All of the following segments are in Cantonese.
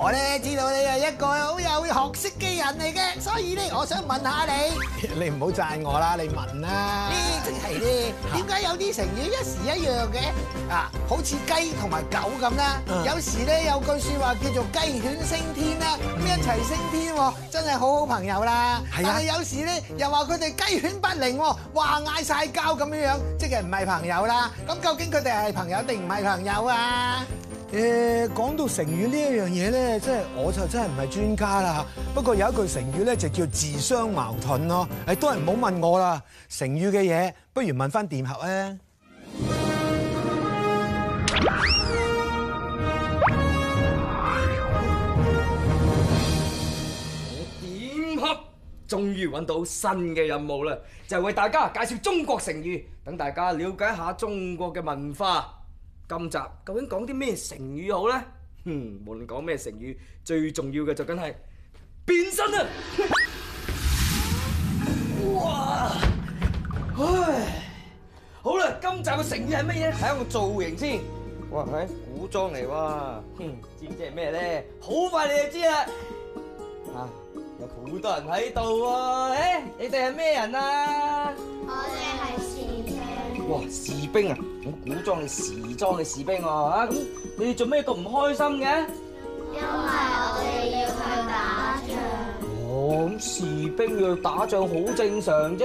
我咧知道你係一個好有學識嘅人嚟嘅，所以咧我想問下你。你唔好贊我啦，你問啦。呢，即係咧，點解麼有啲成語一時一樣嘅？啊，好似雞同埋狗咁啦。啊、有時咧有句説話叫做雞犬升天啦，咁一齊升天喎，真係好好朋友啦。係啊、但係有時咧又話佢哋雞犬不寧喎，話嗌晒交咁樣樣，即係唔係朋友啦？咁究竟佢哋係朋友定唔係朋友啊？誒講到成語呢一樣嘢咧，即係我就真係唔係專家啦。不過有一句成語咧，就叫自相矛盾咯。誒，都係唔好問我啦。成語嘅嘢，不如問翻電俠啊！我電俠終於揾到新嘅任務啦，就係為大家介紹中國成語，等大家了解一下中國嘅文化。今集究竟講啲咩成語好咧？嗯，無論講咩成語，最重要嘅就梗係變身啊！哇，唉，好啦，今集嘅成語係乜嘢？睇下個造型先，哇，係古裝嚟喎。嗯，知唔知係咩咧？好快你就知啦。吓，有好多人喺度啊。誒，你哋係咩人啊？我哋係。哇，士兵啊，好古裝嘅時裝嘅士兵啊。咁、啊、你做咩咁唔開心嘅、啊？因為我哋要去打仗。哦，咁士兵要打仗好正常啫、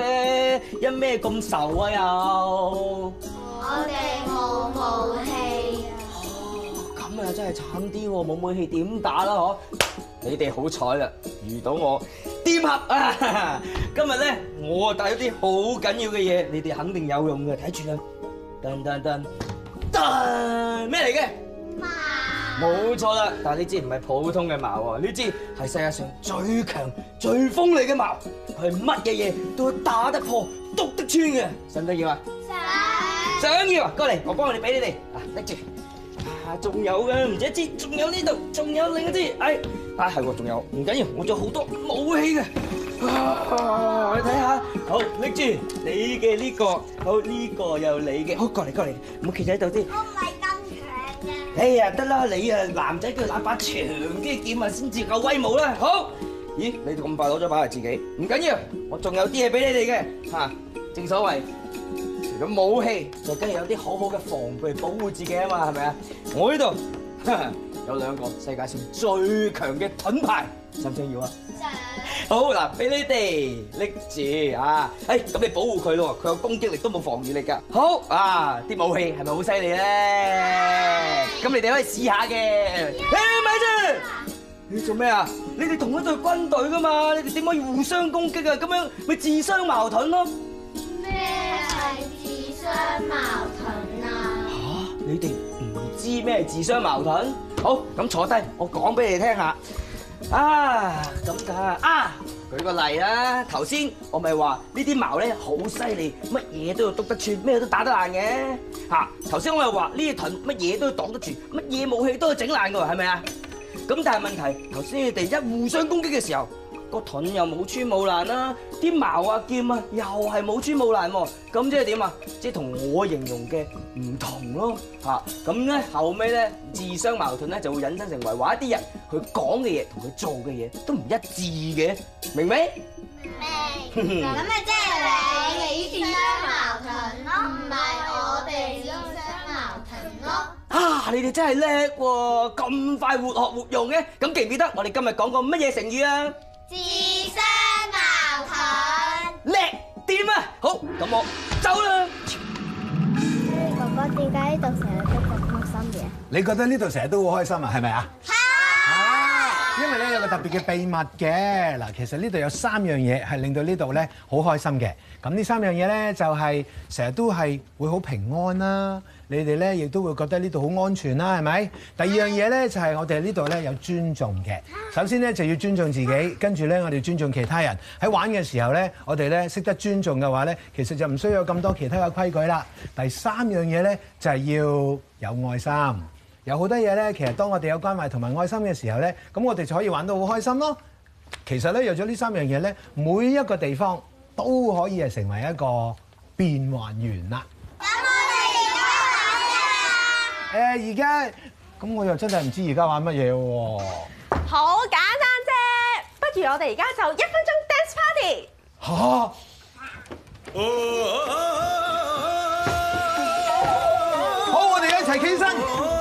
啊，因咩咁愁啊又？我哋冇武器啊。哦，咁啊真係慘啲喎，冇武器點打啦、啊、嗬？你哋好彩啦，遇到我。掂客啊，今日咧，我帶咗啲好緊要嘅嘢，你哋肯定有用嘅，睇住佢，噔噔噔噔，咩嚟嘅？矛。冇錯啦，但係呢支唔係普通嘅矛啊，呢支係世界上最強、最鋒利嘅矛，佢乜嘢嘢都打得破、督得穿嘅。想唔想要啊？想。想要啊，過嚟，我幫我哋俾你哋啊，拎住。啊，仲有啊，唔知一支，仲有呢度，仲有另一支，哎。啊，係喎，仲有唔緊要，我仲好多武器嘅，啊，你睇下，好，搦住你嘅呢個，好，呢個又你嘅，好，過嚟過嚟，唔好企喺度先。我唔係咁強嘅。哎呀，得啦，你啊男仔都要攞把長啲劍啊，先至夠威武啦，好。咦，你哋咁快攞咗把係自己？唔緊要，我仲有啲嘢俾你哋嘅，嚇，正所謂除咗武器，就梗係有啲好好嘅防具嚟保護自己啊嘛，係咪啊？我呢度，有兩個世界上最強嘅盾牌，想唔想要啊？想。好，嗱，俾你哋拎住啊！哎，咁你保護佢咯，佢有攻擊力都冇防禦力噶。好啊，啲武器係咪好犀利咧？咁你哋可以試下嘅。咪住！你做咩啊？你哋同一隊軍隊噶嘛？你哋點可以互相攻擊啊？咁樣咪自相矛盾咯。咩係自相矛盾啊？吓，你哋。知咩自相矛盾？好，咁坐低，我講俾你聽下。啊，咁噶啊，舉個例啦。頭先我咪話呢啲矛咧，好犀利，乜嘢都要督得穿，咩都打得爛嘅。吓，頭先我又話呢啲盾乜嘢都要擋得住，乜嘢武器都要整爛㗎，係咪啊？咁但係問題，頭先你哋一互相攻擊嘅時候，個盾又冇穿冇爛啦，啲矛啊劍啊又係冇穿冇爛，咁即係點啊？即係同我形容嘅唔同咯，吓，咁咧，後尾咧自相矛盾咧就會引申成為話一啲人佢講嘅嘢，同佢做嘅嘢都唔一致嘅，明未？明，咁咪即係你自相矛盾咯，唔係我哋自相矛盾咯。啊！你哋真係叻喎，咁快活學活用嘅。咁記唔記得我哋今日講過乜嘢成語啊？自相矛盾，叻。點啊？好，咁我走啦。哥哥點解呢度成日都開心嘅？你覺得呢度成日都好開心啊？係咪啊？係。啊，因為咧有個特別嘅秘密嘅嗱，其實呢度有三樣嘢係令到呢度咧好開心嘅。咁呢三樣嘢咧就係成日都係會好平安啦。你哋咧亦都會覺得呢度好安全啦，係咪？是第二樣嘢咧就係我哋呢度咧有尊重嘅。首先咧就要尊重自己，跟住咧我哋尊重其他人。喺玩嘅時候咧，我哋咧識得尊重嘅話咧，其實就唔需要咁多其他嘅規矩啦。第三樣嘢咧就係要有愛心。有好多嘢咧，其實當我哋有關懷同埋愛心嘅時候咧，咁我哋就可以玩到好開心咯。其實咧有咗呢三樣嘢咧，每一個地方都可以係成為一個變幻園啦。誒，而家咁我又真係唔知而家玩乜嘢喎，好簡單啫，不如我哋而家就一分鐘 dance party 好，我哋一齊起身。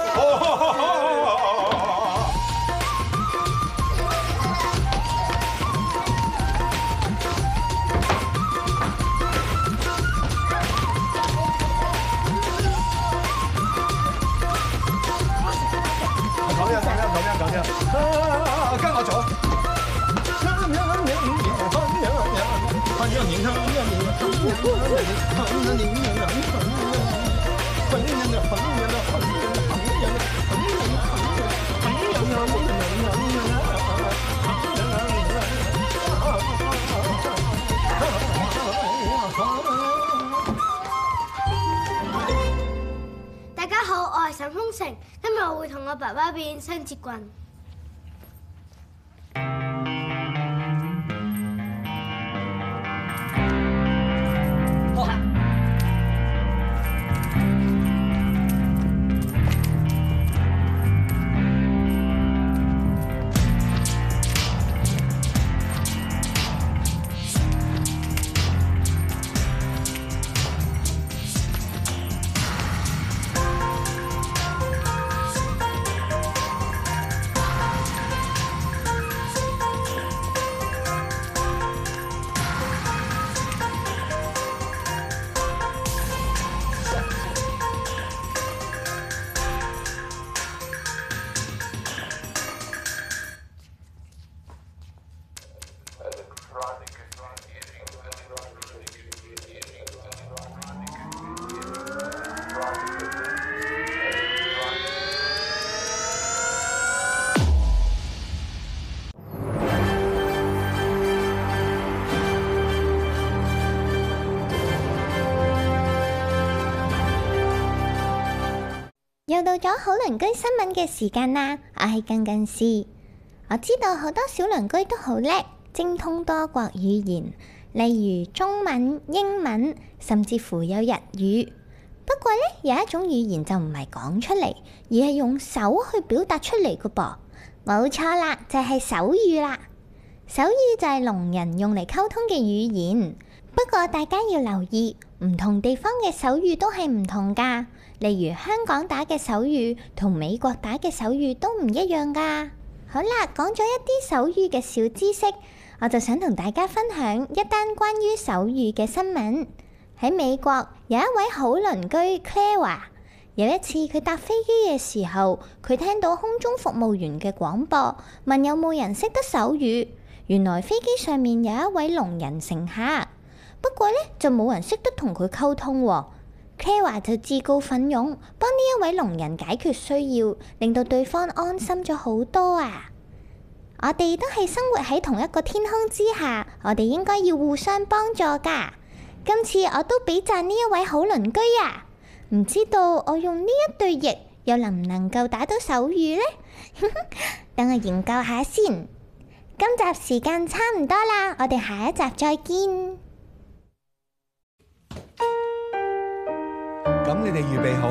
大家好，我係沈風城，今日我會同我爸爸表演雙截棍。到咗好鄰居新聞嘅時間啦，我係更更師。我知道好多小鄰居都好叻，精通多國語言，例如中文、英文，甚至乎有日語。不過呢，有一種語言就唔係講出嚟，而係用手去表達出嚟嘅噃。冇錯啦，就係、是、手語啦。手語就係聾人用嚟溝通嘅語言。不過大家要留意，唔同地方嘅手語都係唔同㗎。例如香港打嘅手語同美國打嘅手語都唔一樣㗎。好啦，講咗一啲手語嘅小知識，我就想同大家分享一單關於手語嘅新聞。喺美國有一位好鄰居 Clara，有一次佢搭飛機嘅時候，佢聽到空中服務員嘅廣播，問有冇人識得手語。原來飛機上面有一位聾人乘客，不過呢，就冇人識得同佢溝通喎。Clara 就自告奮勇，幫呢一位聾人解決需要，令到對方安心咗好多啊！我哋都係生活喺同一個天空之下，我哋應該要互相幫助噶。今次我都俾讚呢一位好鄰居啊！唔知道我用呢一對翼，又能唔能夠打到手語呢？ 等我研究下先。今集時間差唔多啦，我哋下一集再見。咁你哋預備好？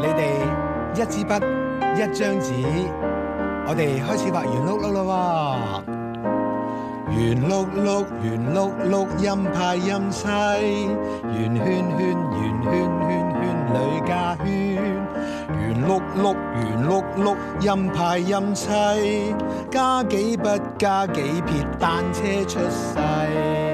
你哋一支筆，一張紙，我哋開始畫圓碌碌咯喎！圓碌碌，圓碌碌，陰派陰妻；圓圈圈，圓圈圈圈，圈女家圈。圓碌碌，圓碌碌，陰派陰妻；加幾筆，加幾撇，單車出世。.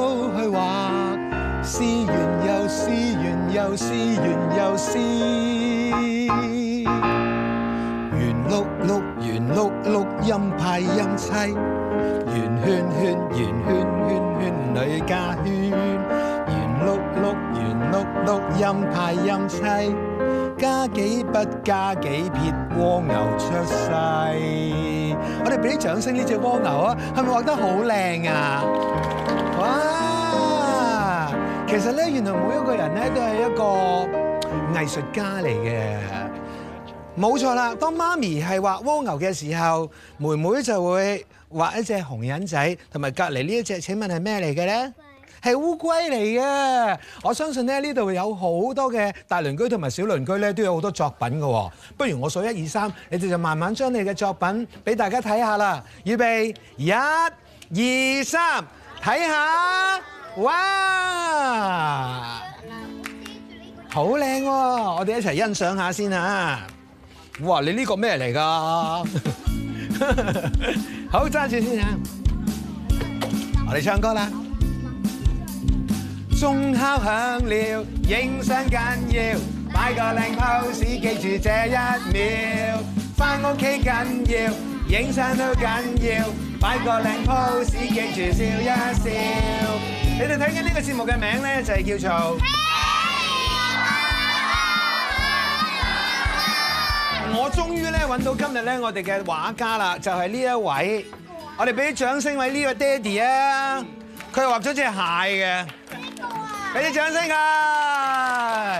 思完又思，思完又思，思完又思，圓碌碌，圓碌碌，音派音妻，圓圈圈，圓圈圈圈，女家圈，圓碌碌，圓碌碌，音派音妻，加幾筆加幾撇，幾幾幾幾蝸牛出世。我哋俾啲掌聲，呢隻蝸牛是是啊，係咪畫得好靚啊？其實咧，原來每一個人咧都係一個藝術家嚟嘅，冇錯啦。當媽咪係畫蝸牛嘅時候，妹妹就會畫一隻紅人仔，同埋隔離呢一隻。請問係咩嚟嘅咧？係烏龜嚟嘅。我相信咧，呢度有好多嘅大鄰居同埋小鄰居咧，都有好多作品嘅喎。不如我數一二三，你哋就慢慢將你嘅作品俾大家睇下啦。預備一、二、三，睇下哇！啊，好靚喎！我哋一齊欣賞下先啊！哇，你呢個咩嚟㗎？好揸住先啊！我哋唱歌啦！鐘敲響了，影相緊要，擺個靚 pose 記住這一秒，返屋企緊要，影相都緊要，擺個靚 pose 記住笑一笑。你哋睇緊呢個節目嘅名咧，就係叫做我終於咧揾到今日咧我哋嘅畫家啦，就係、是、呢一位，我哋俾啲掌聲為呢個爹哋啊！佢係畫咗隻蟹嘅，俾啲掌聲啊！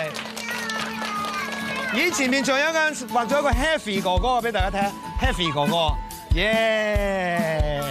咦，前面仲有一畫了一個畫咗個 Happy 哥哥俾大家睇啊，Happy 哥哥耶！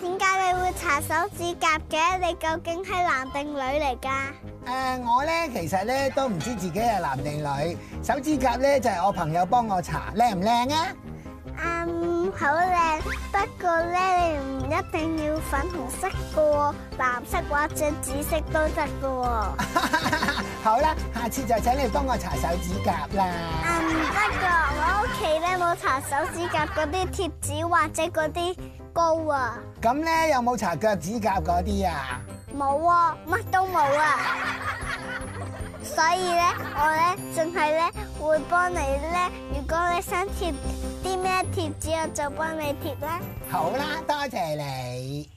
點解你會搽手指甲嘅？你究竟係男定女嚟噶？誒、uh,，我咧其實咧都唔知自己係男定女，手指甲咧就係、是、我朋友幫我搽，靚唔靚啊？嗯，好靚，不過咧你唔一定要粉紅色噶，藍色或者紫色都得噶。 好啦，下次就請你幫我搽手指甲啦。嗯、um,，得啦。擦手指甲嗰啲貼紙或者嗰啲膏啊，咁咧有冇搽腳指甲嗰啲啊？冇啊，乜都冇啊。所以咧我咧淨係咧會幫你咧，如果你想貼啲咩貼紙，我就幫你貼啦。好啦，多謝你。